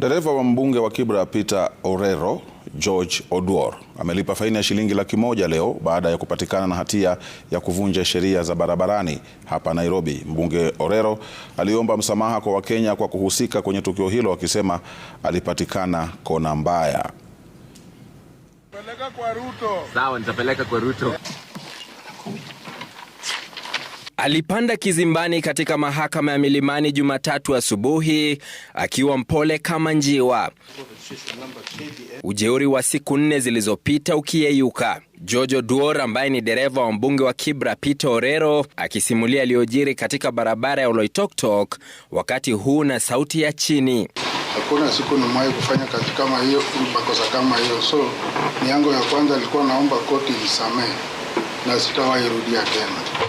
Dereva wa mbunge wa Kibra Peter Orero, George Oduor, amelipa faini ya shilingi laki moja leo baada ya kupatikana na hatia ya kuvunja sheria za barabarani hapa Nairobi. Mbunge Orero aliomba msamaha kwa Wakenya kwa kuhusika kwenye tukio hilo, akisema alipatikana kona mbaya. Peleka kwa Ruto. Sawa, nitapeleka kwa Ruto. Alipanda kizimbani katika mahakama ya Milimani Jumatatu asubuhi akiwa mpole kama njiwa, ujeuri wa siku nne zilizopita ukiyeyuka. Jojo Duor ambaye ni dereva wa mbunge wa Kibra Peter Orero akisimulia aliyojiri katika barabara ya Oloitoktok wakati huu na sauti ya chini. Hakuna siku nimewahi kufanya kazi kama hiyo, makosa kama hiyo, so miango ya kwanza. Alikuwa naomba koti nisamehe na sitawahi rudia tena.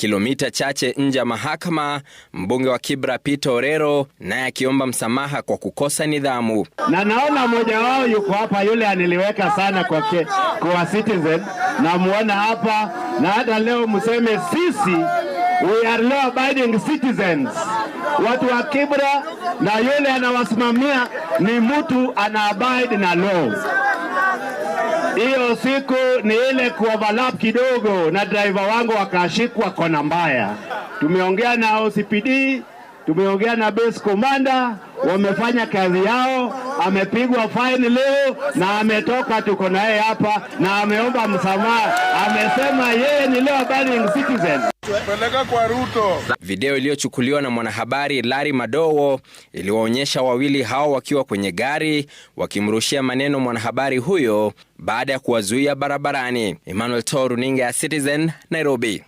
Kilomita chache nje ya mahakama, mbunge wa Kibra Peter Orero naye akiomba msamaha kwa kukosa nidhamu. Na naona mmoja wao yuko hapa, yule aniliweka sana kwa, ke, kwa citizen namuona hapa, na hata leo mseme sisi we are law abiding citizens. Watu wa Kibra na yule anawasimamia ni mtu ana abide na law hiyo siku ni ile kuoverlap kidogo na driver wangu wakashikwa kona mbaya. Tumeongea na OCPD, tumeongea na base commander, wamefanya kazi yao. Amepigwa fine leo na ametoka, tuko naye hapa na ameomba msamaha, amesema yeye ni leo abiding citizen. Eh? Peleka kwa Ruto. Video iliyochukuliwa na mwanahabari Larry Madowo iliwaonyesha wawili hao wakiwa kwenye gari wakimrushia maneno mwanahabari huyo baada ya kuwazuia barabarani. Emmanuel Toruninga ya Citizen, Nairobi.